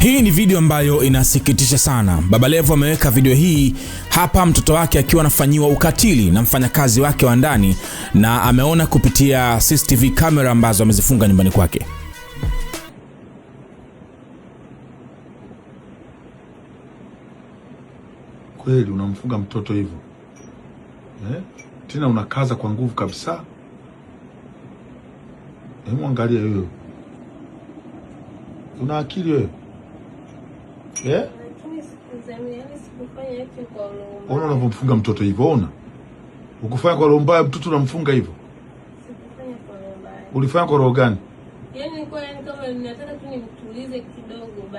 Hii ni video ambayo inasikitisha sana. Baba Levo ameweka video hii hapa, mtoto wake akiwa anafanyiwa ukatili na mfanyakazi wake wa ndani, na ameona kupitia CCTV kamera ambazo amezifunga nyumbani kwake. Kweli unamfunga mtoto hivyo eh? Tena unakaza kwa nguvu kabisa. Hebu angalia huyo, una akili wewe? yeah? Eh? Ona unavyofunga mtoto hivyo, ona ukufanya kwa roho mbaya, mtoto unamfunga hivyo. Ulifanya kwa roho gani?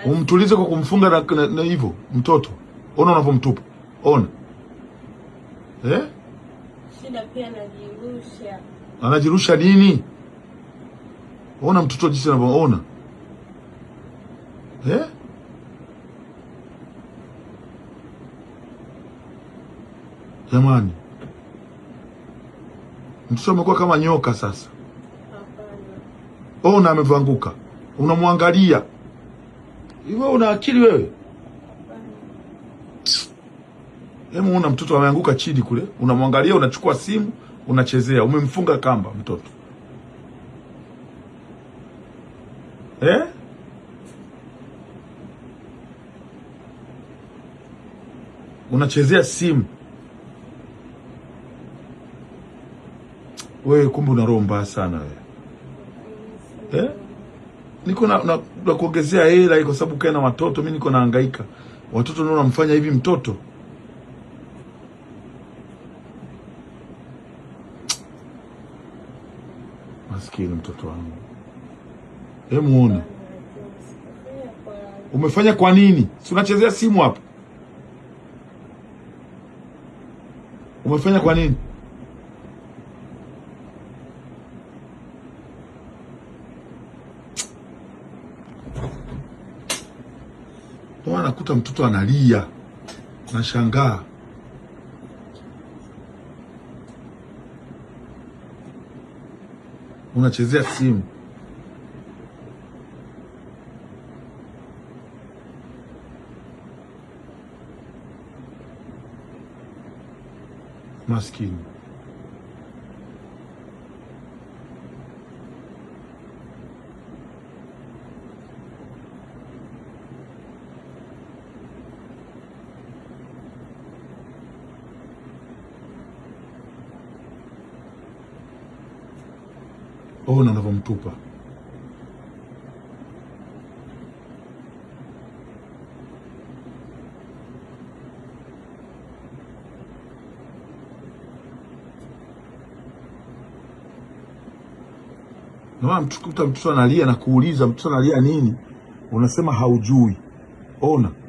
Umtulize kwa kumfunga na, na hivyo mtoto, ona unavyomtupa ona eh? Shida pia anajirusha. Anajirusha nini? Ona mtoto jinsi anavyoona eh? Jamani, mtoto amekuwa kama nyoka sasa. Ona amevanguka, unamwangalia hivyo. Una akili wewe? Hebu una mtoto ameanguka chini kule, unamwangalia, unachukua simu, unachezea. Umemfunga kamba mtoto eh? Unachezea simu. Wewe kumbe una roho mbaya sana wewe. Eh? Niko na, na, na kuongezea hela kwa sababu kae na watoto, mimi niko naangaika Watoto ndio namfanya hivi mtoto. Maskini mtoto wangu. Hebu Umefanya kwa nini? Si unachezea simu hapa. Umefanya kwa nini? maana nakuta mtoto analia, nashangaa. Unachezea simu maskini. Ona unavyomtupa. Ndio mtukuta mtoto analia na kuuliza mtoto analia nini, unasema haujui. Ona.